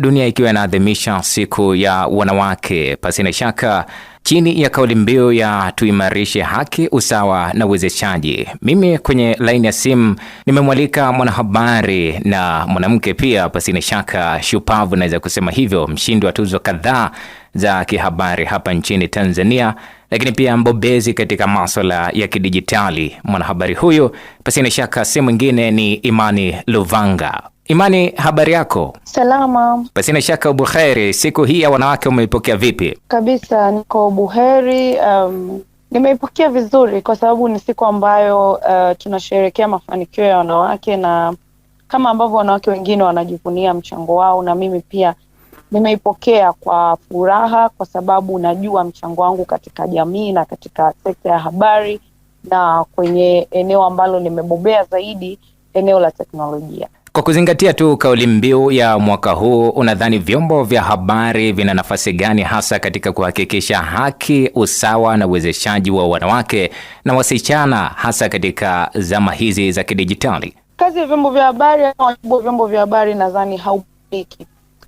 dunia ikiwa inaadhimisha siku ya wanawake, pasina shaka chini ya kauli mbiu ya tuimarishe haki, usawa na uwezeshaji. Mimi kwenye laini ya simu nimemwalika mwanahabari na mwanamke pia, pasina shaka shupavu, naweza kusema hivyo, mshindi wa tuzo kadhaa za kihabari hapa nchini Tanzania, lakini pia mbobezi katika masuala ya kidijitali. Mwanahabari huyu pasina shaka si mwingine ni Imani Luvanga. Imani, habari yako? Salama. Basi na shaka ubuheri. Siku hii ya wanawake umeipokea vipi? Kabisa, niko buheri. Um, nimeipokea vizuri kwa sababu ni siku ambayo uh, tunasherehekea mafanikio ya wanawake, na kama ambavyo wanawake wengine wanajivunia mchango wao, na mimi pia nimeipokea kwa furaha, kwa sababu najua mchango wangu katika jamii na katika sekta ya habari na kwenye eneo ambalo nimebobea zaidi, eneo la teknolojia. Kwa kuzingatia tu kauli mbiu ya mwaka huu, unadhani vyombo vya habari vina nafasi gani hasa katika kuhakikisha haki, usawa na uwezeshaji wa wanawake na wasichana hasa katika zama hizi za kidijitali? Kazi ya vyombo vya habari au vyombo vya habari nadhani haupiki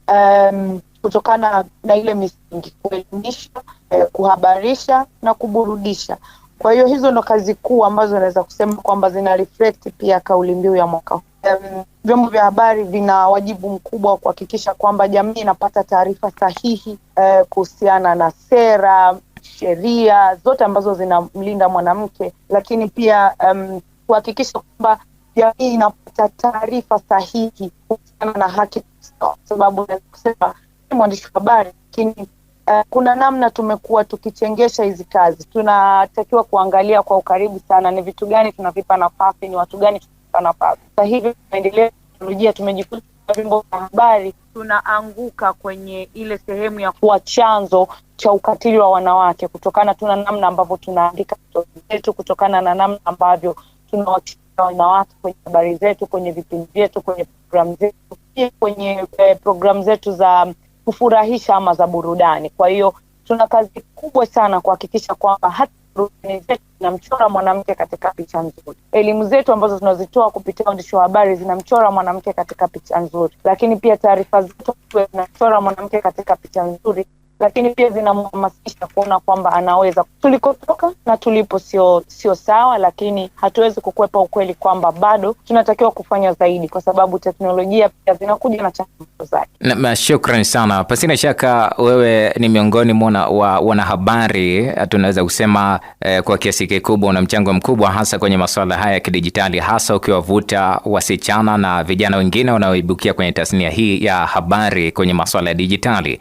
um, kutokana na ile misingi kuelimisha, eh, kuhabarisha na kuburudisha. Kwa hiyo hizo ndo kazi kuu ambazo unaweza kusema kwamba zina reflect pia kauli mbiu ya mwaka huu um, vyombo vya habari vina wajibu mkubwa wa kuhakikisha kwamba jamii inapata taarifa sahihi eh, kuhusiana na sera, sheria zote ambazo zinamlinda mwanamke, lakini pia um, kuhakikisha kwamba jamii inapata taarifa sahihi kuhusiana na haki, kwa sababu naweza kusema mwandishi wa habari lakini Uh, kuna namna tumekuwa tukichengesha hizi kazi. Tunatakiwa kuangalia kwa ukaribu sana ni vitu gani tunavipa nafasi, ni watu gani pale. Sasa hivi tunaendelea teknolojia, tumejikuta vyombo vya habari tunaanguka kwenye ile sehemu ya kuwa chanzo cha ukatili wa wanawake, kutokana tu na namna ambavyo tunaandika stori zetu, kutokana na namna ambavyo tunawachilia wanawake kwenye habari zetu, kwenye vipindi vyetu, kwenye programu zetu, pia kwenye eh, programu zetu za kufurahisha ama za burudani. Kwa hiyo tuna kazi kubwa sana kuhakikisha kwamba hata burudani zetu zinamchora mwanamke katika picha nzuri. Elimu zetu ambazo tunazitoa kupitia waandishi wa habari zinamchora mwanamke katika picha nzuri, lakini pia taarifa zetu zinamchora mwanamke katika picha nzuri lakini pia zinamhamasisha kuona kwamba anaweza. Tulikotoka na tulipo sio sio sawa, lakini hatuwezi kukwepa ukweli kwamba bado tunatakiwa kufanya zaidi, kwa sababu teknolojia pia zinakuja na changamoto zake. Shukrani sana. Pasina shaka wewe ni miongoni mwa wa, wanahabari tunaweza kusema eh, kwa kiasi kikubwa una mchango mkubwa hasa kwenye masuala haya ya kidijitali, hasa ukiwavuta wasichana na vijana wengine wanaoibukia kwenye tasnia hii ya habari kwenye masuala ya dijitali.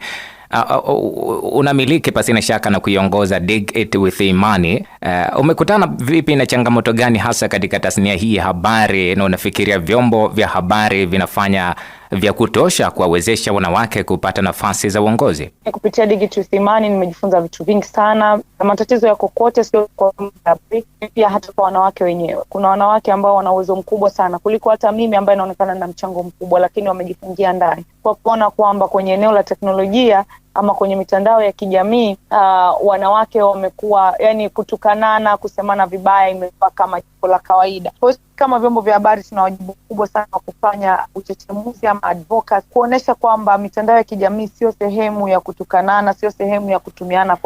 Uh, uh, uh, uh, unamiliki pasina shaka na kuiongoza Dig It With Imani. Uh, umekutana vipi na changamoto gani hasa katika tasnia hii ya habari, na unafikiria vyombo vya habari vinafanya vya kutosha kuwawezesha wanawake kupata nafasi za uongozi? Kupitia Dig It With Imani nimejifunza vitu vingi sana na matatizo yako kote, sio kwa pia, hata kwa wanawake wenyewe. Kuna wanawake ambao wana uwezo mkubwa sana kuliko hata mimi ambaye naonekana na mchango mkubwa, lakini wamejifungia ndani kwa kuona kwamba kwenye eneo la teknolojia ama kwenye mitandao ya kijamii uh, wanawake wamekuwa yani, kutukanana, kusemana vibaya imekuwa kama jambo la kawaida. Kwa hiyo kama vyombo vya habari tuna wajibu mkubwa sana wa kufanya uchechemuzi ama advocacy, kuonyesha kwamba mitandao ya kijamii sio sehemu ya kutukanana, sio sehemu ya kutumiana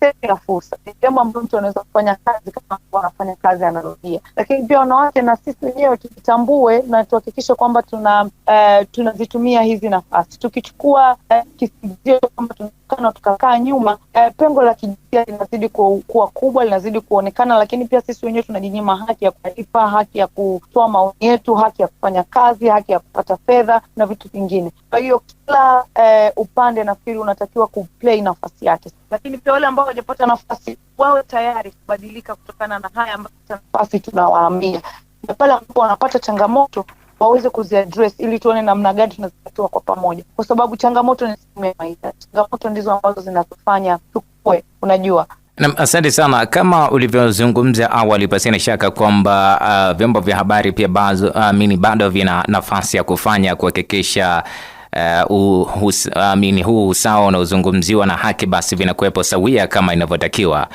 sehemu kila fursa. Ni jambo ambayo mtu anaweza kufanya kazi kama anafanya kazi analogia, lakini pia wanawake na sisi wenyewe tujitambue na tuhakikishe kwamba tuna uh, eh, tunazitumia hizi e nafasi. Tukichukua uh, eh, kisingizio kwamba tunaonekana tukakaa nyuma, uh, eh, pengo la kijinsia linazidi kuwa kubwa, linazidi kuonekana, lakini pia sisi wenyewe tunajinyima haki ya kulipa, haki ya kutoa maoni yetu, haki ya kufanya kazi, haki ya kupata fedha na vitu vingine. Kwa hiyo kila eh, upande nafikiri unatakiwa kuplay nafasi yake, lakini pia wale ambao wajapata nafasi wawe tayari kubadilika kutokana na haya ambayo nafasi tunawaambia, na pale ambapo wanapata changamoto waweze kuziaddress ili tuone namna gani tunazitatua kwa pamoja, kwa sababu changamoto ni sehemu ya maisha. Changamoto ndizo ambazo zinatufanya tukue, unajua. Na asante sana, kama ulivyozungumza awali, na shaka kwamba uh, vyombo vya habari pia bado uh, ah, bado vina nafasi ya kufanya kuhakikisha uh, huu uh, usawa unaozungumziwa na haki basi vinakuwepo sawia kama inavyotakiwa.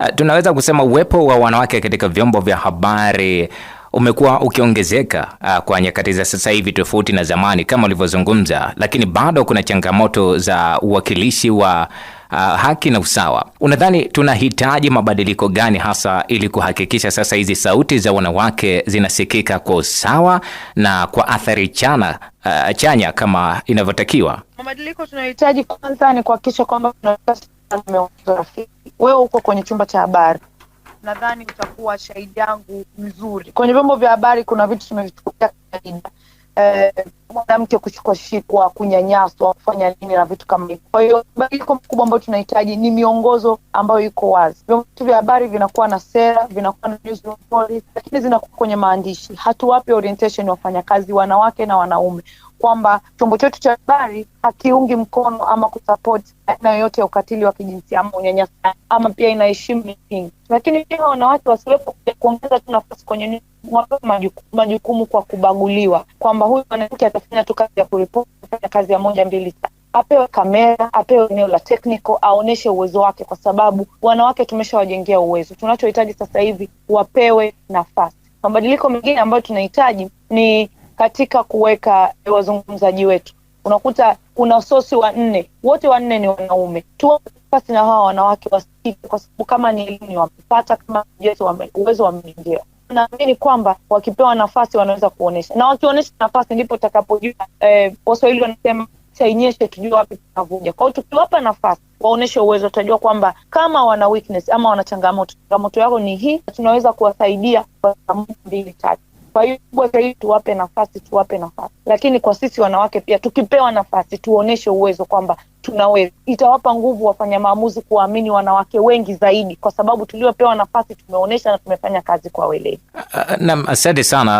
Uh, tunaweza kusema uwepo wa wanawake katika vyombo vya habari umekuwa ukiongezeka uh, kwa nyakati za sasa hivi tofauti na zamani kama ulivyozungumza, lakini bado kuna changamoto za uwakilishi wa uh, haki na usawa. Unadhani tunahitaji mabadiliko gani hasa ili kuhakikisha sasa hizi sauti za wanawake zinasikika kwa usawa na kwa athari chana, uh, chanya kama inavyotakiwa? Mabadiliko tunayohitaji kwanza ni kuhakikisha kwamba wewe uko kwenye chumba cha habari nadhani utakuwa shahidi yangu mzuri. Kwenye vyombo vya habari kuna vitu tumevichukulia kawaida, eh, mwanamke shikwa kunyanyaswa, kufanya nini na vitu kama hivyo. Kwa hiyo mabadiliko makubwa ambayo tunahitaji ni miongozo ambayo iko wazi. Vyombo vya habari vinakuwa na sera, vinakuwa na lakini zinakuwa kwenye maandishi. hatuwapi orientation wafanyakazi wanawake na wanaume kwamba chombo chetu cha habari hakiungi mkono ama kusapoti aina yoyote ya ukatili wa kijinsia ama unyanyasaji, ama pia inaheshimu misingi. Lakini pia wanawake wasiwepo kuongeza tu nafasi kwenye majukumu, majukumu kwa kubaguliwa, kwamba huyu mwanamke atafanya tu kazi ya kuripoti, atafanya kazi ya moja mbili tatu apewe kamera, apewe eneo la technical, aoneshe uwezo wake, kwa sababu wanawake tumeshawajengea uwezo. Tunachohitaji sasa hivi wapewe nafasi. Mabadiliko mengine ambayo tunahitaji ni katika kuweka wazungumzaji wetu. Unakuta kuna sosi wanne, wote wanne ni wanaume. Tuwape na hawa wanawake wasikike, kwa sababu kama ni elimu wamepata, kama uwezo wamejengewa naamini kwamba wakipewa nafasi wanaweza kuonesha, na wakionyesha nafasi ndipo takapojua Eh, Waswahili wanasema chainyeshe, tujue wapi tunavuja. Kwa tukiwapa nafasi waoneshe uwezo, tutajua kwamba kama wana weakness ama wana changamoto, changamoto yako ni hii, tunaweza kuwasaidia kwa mbili tatu. Kwa hiyo kubwa zaidi, tuwape nafasi, tuwape nafasi. Lakini kwa sisi wanawake pia, tukipewa nafasi tuoneshe uwezo kwamba tunaweza. Itawapa nguvu wafanya maamuzi kuwaamini wanawake wengi zaidi, kwa sababu tuliopewa nafasi tumeonyesha na tumefanya kazi kwa weledi. Ah, ah, ah, nam asante sana.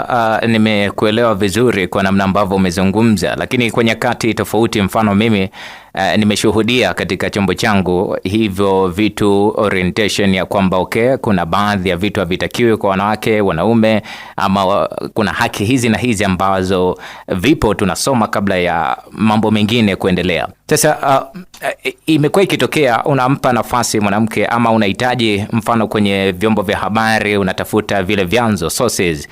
Uh, nimekuelewa vizuri kwa namna ambavyo umezungumza, lakini kwa nyakati tofauti, mfano mimi Uh, nimeshuhudia katika chombo changu hivyo vitu orientation ya kwamba okay, kuna baadhi ya vitu havitakiwi kwa wanawake, wanaume ama uh, kuna haki hizi na hizi ambazo vipo tunasoma kabla ya mambo mengine kuendelea. Sasa uh, imekuwa ikitokea, unampa nafasi mwanamke ama unahitaji mfano, kwenye vyombo vya habari unatafuta vile vyanzo sources,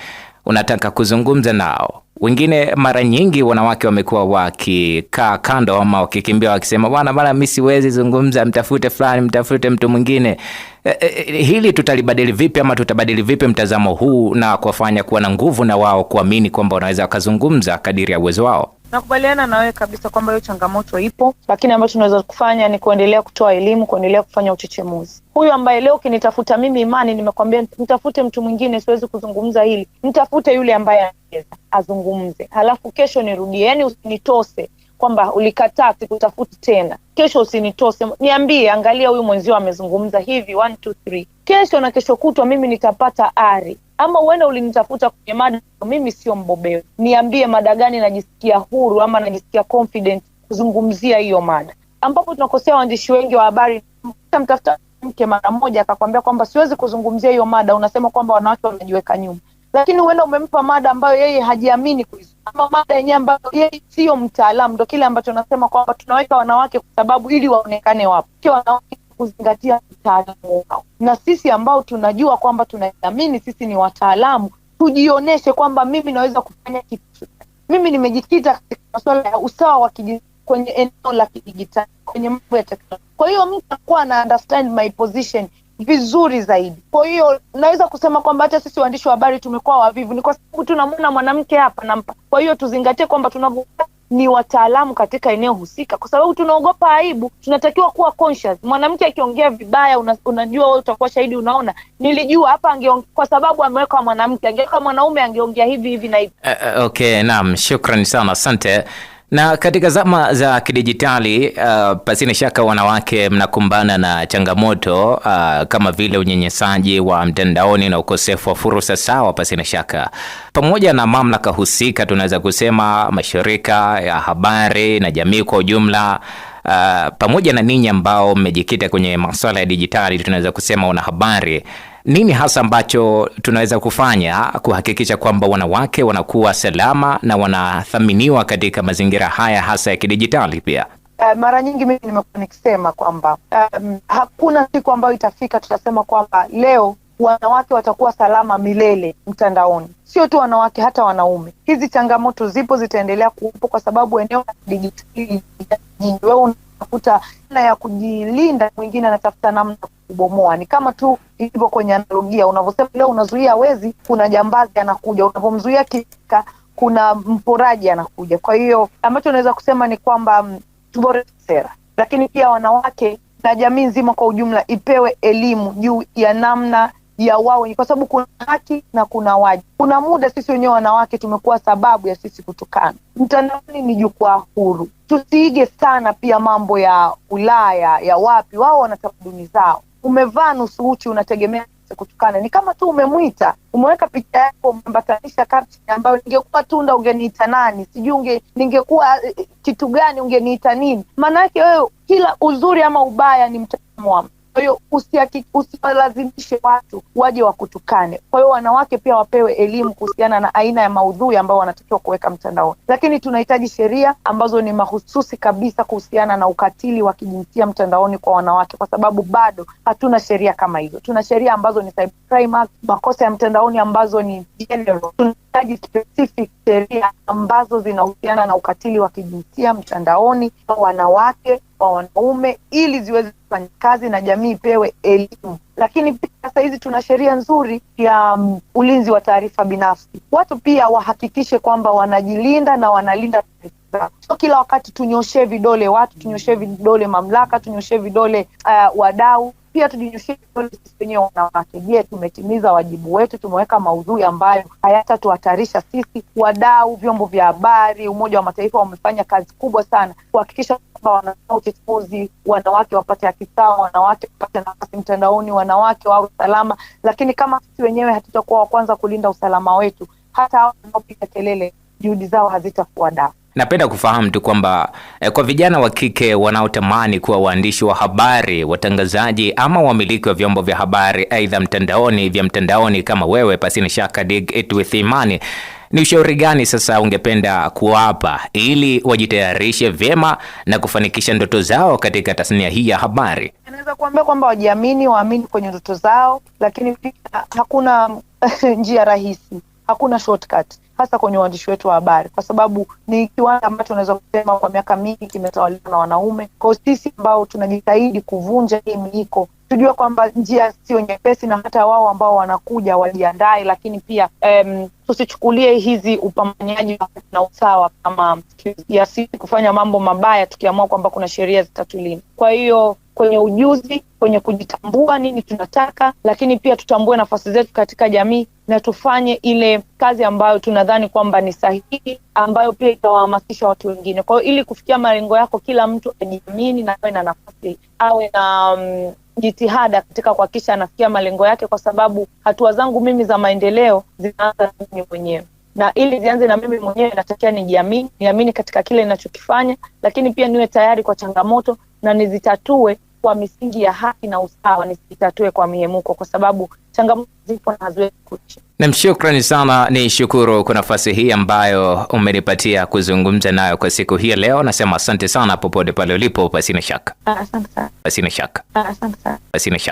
unataka kuzungumza nao. Wengine mara nyingi wanawake wamekuwa wakikaa kando ama wakikimbia wakisema, bwana bwana, mi siwezi zungumza, mtafute fulani, mtafute mtu mwingine. E, e, hili tutalibadili vipi ama tutabadili vipi mtazamo huu na kuwafanya kuwa na nguvu na wao kuamini kwamba wanaweza wakazungumza kadiri ya uwezo wao? Nakubaliana na wewe kabisa kwamba hiyo changamoto ipo, lakini ambacho tunaweza kufanya ni kuendelea kutoa elimu, kuendelea kufanya uchechemuzi. Huyu ambaye leo ukinitafuta mimi Imani, nimekwambia mtafute mtu mwingine, siwezi kuzungumza hili, mtafute yule ambaye anaweza azungumze, halafu kesho nirudie. Yani usinitose kwamba ulikataa, sikutafuti tena, kesho usinitose, niambie, angalia, huyu mwenzio amezungumza hivi one two three. Kesho na kesho kutwa mimi nitapata ari ama uenda ulinitafuta kwenye mada, mimi sio mbobeo, niambie mada gani najisikia huru ama najisikia confident kuzungumzia hiyo mada, ambapo tunakosea waandishi wengi wa habari. Mtafuta mke mara moja akakwambia kwamba siwezi kuzungumzia hiyo mada, unasema kwamba wanawake wanajiweka nyuma, lakini huenda umempa mada ambayo yeye hajiamini ama mada yenyewe ambayo yeye siyo mtaalamu. Ndo kile ambacho nasema kwamba tunaweka wanawake kwa sababu ili waonekane wapo, wanawake kuzingatia utaalamu wao, na sisi ambao tunajua kwamba tunaamini sisi ni wataalamu, tujionyeshe kwamba mimi naweza kufanya kitu. Mimi nimejikita katika masuala ya usawa wa kijinsia kwenye eneo la kidijitali, kwenye mambo ya teknolojia. Kwa hiyo mtu anakuwa ana understand my position vizuri zaidi. Kwa hiyo naweza kusema kwamba hata sisi waandishi wa habari tumekuwa wavivu, ni kwa sababu tunamwona mwanamke hapa na, kwa hiyo tuzingatie kwamba tunavyo ni wataalamu katika eneo husika, kwa sababu tunaogopa aibu. Tunatakiwa kuwa conscious. Mwanamke akiongea vibaya, una, unajua utakuwa shahidi, unaona, nilijua hapa kwa sababu ameweka mwanamke, angeweka mwanaume angeongea hivi hivi na hivi. Uh, okay, naam, shukrani sana, asante. Na katika zama za kidijitali uh, pasina shaka wanawake mnakumbana na changamoto uh, kama vile unyenyesaji wa mtandaoni na ukosefu wa fursa sawa. Pasina shaka, pamoja na mamlaka husika, tunaweza kusema mashirika ya habari na jamii kwa ujumla uh, pamoja na ninyi ambao mmejikita kwenye masuala ya dijitali, tunaweza kusema wanahabari nini hasa ambacho tunaweza kufanya kuhakikisha kwamba wanawake wanakuwa salama na wanathaminiwa katika mazingira haya hasa ya kidijitali pia? Uh, mara nyingi mimi nimekuwa nikisema kwamba um, hakuna siku ambayo itafika tutasema kwamba leo wanawake watakuwa salama milele mtandaoni. Sio tu wanawake, hata wanaume. Hizi changamoto zipo, zitaendelea kuwepo kwa sababu eneo la dijitali wewe anatafuta na ya kujilinda, mwingine anatafuta namna kubomoa. Ni kama tu ilivyo kwenye analogia, unavyosema leo unazuia wezi, kuna jambazi anakuja, unavyomzuia kika, kuna mporaji anakuja. Kwa hiyo ambacho unaweza kusema ni kwamba mm, tuboreshe sera, lakini pia wanawake na jamii nzima kwa ujumla ipewe elimu juu ya namna ya wao, kwa sababu kuna haki na kuna waji Kuna muda sisi wenyewe wanawake tumekuwa sababu ya sisi kutukana mtandaoni. Ni jukwaa huru tusiige sana pia mambo ya Ulaya ya wapi, wao wana tamaduni zao. Umevaa nusu uchi, unategemea kutukana? Ni kama tu umemwita, umeweka picha yako, umeambatanisha caption ambayo, ningekuwa tunda ungeniita nani? Sijui unge, ningekuwa eh, eh, kitu gani ungeniita nini? Maana yake wewe, kila uzuri ama ubaya ni mtazamo wa mtu. Kwa hiyo usiwalazimishe watu waje wakutukane. Kwa hiyo wanawake pia wapewe elimu kuhusiana na aina ya maudhui ambayo wanatakiwa kuweka mtandaoni, lakini tunahitaji sheria ambazo ni mahususi kabisa kuhusiana na ukatili wa kijinsia mtandaoni kwa wanawake, kwa sababu bado hatuna sheria kama hizo. Tuna sheria ambazo ni cybercrime, makosa ya mtandaoni ambazo ni general zinahitaji specific sheria ambazo zinahusiana na ukatili wa kijinsia mtandaoni kwa wanawake, kwa wanaume, ili ziweze kufanya kazi na jamii ipewe elimu. Lakini pia sasa hizi tuna sheria nzuri ya um, ulinzi wa taarifa binafsi. Watu pia wahakikishe kwamba wanajilinda na wanalinda sio kila wakati tunyoshee vidole watu, tunyoshee vidole mamlaka, tunyoshee vidole uh, wadau pia tujinyushie sisi wenyewe wanawake. Je, tumetimiza wajibu wetu? Tumeweka maudhui ambayo hayatatuhatarisha sisi? Wadau, vyombo vya habari, Umoja wa Mataifa wamefanya kazi kubwa sana kuhakikisha kwamba wanaa uchafuzi, wanawake wapate haki sawa, wanawake wapate nafasi mtandaoni, wanawake wawe salama. Lakini kama sisi wenyewe hatutakuwa wa kwanza kulinda usalama wetu, hata hao wanaopiga kelele, juhudi zao hazitakuwa dawa. Napenda kufahamu tu kwamba eh, kwa vijana wa kike wanaotamani kuwa waandishi wa habari, watangazaji ama wamiliki wa vyombo vya habari aidha mtandaoni vya mtandaoni kama wewe, pasina shaka Dig It With Imani, ni ushauri gani sasa ungependa kuwapa ili wajitayarishe vyema na kufanikisha ndoto zao katika tasnia hii ya habari? Anaweza kuambia kwamba wajiamini, waamini kwenye ndoto zao, lakini pia hakuna njia rahisi, hakuna shortcut hasa kwenye uandishi wetu wa habari, kwa sababu ni kiwanda ambacho unaweza kusema kwa miaka mingi kimetawaliwa na wanaume. Kwao sisi ambao tunajitahidi kuvunja hii miiko tujue kwamba njia sio nyepesi, na hata wao ambao wanakuja wajiandae, lakini pia um, tusichukulie hizi upambanyaji na usawa kama ya sisi kufanya mambo mabaya tukiamua kwamba kuna sheria zitatulinda. Kwa hiyo kwenye ujuzi, kwenye kujitambua nini tunataka, lakini pia tutambue nafasi zetu katika jamii, na tufanye ile kazi ambayo tunadhani kwamba ni sahihi, ambayo pia itawahamasisha watu wengine. kwahio ili kufikia malengo yako, kila mtu ajiamini na awe na nafasi, awe na um, jitihada katika kuhakikisha anafikia malengo yake, kwa sababu hatua zangu mimi za maendeleo zinaanza na mimi mwenyewe na ili zianze na mimi mwenyewe, natakia nijiamini, niamini katika kile inachokifanya lakini pia niwe tayari kwa changamoto na nizitatue kwa misingi ya haki na usawa, nisitatue kwa mihemuko, kwa sababu changamoto zipo na haziwezi kuisha. Nam, shukrani sana, ni shukuru kwa nafasi hii ambayo umenipatia kuzungumza nayo kwa siku hii leo. Nasema asante sana popote pale ulipo, pasina shaka, asante sana, pasina shaka, asante sana, pasina shaka.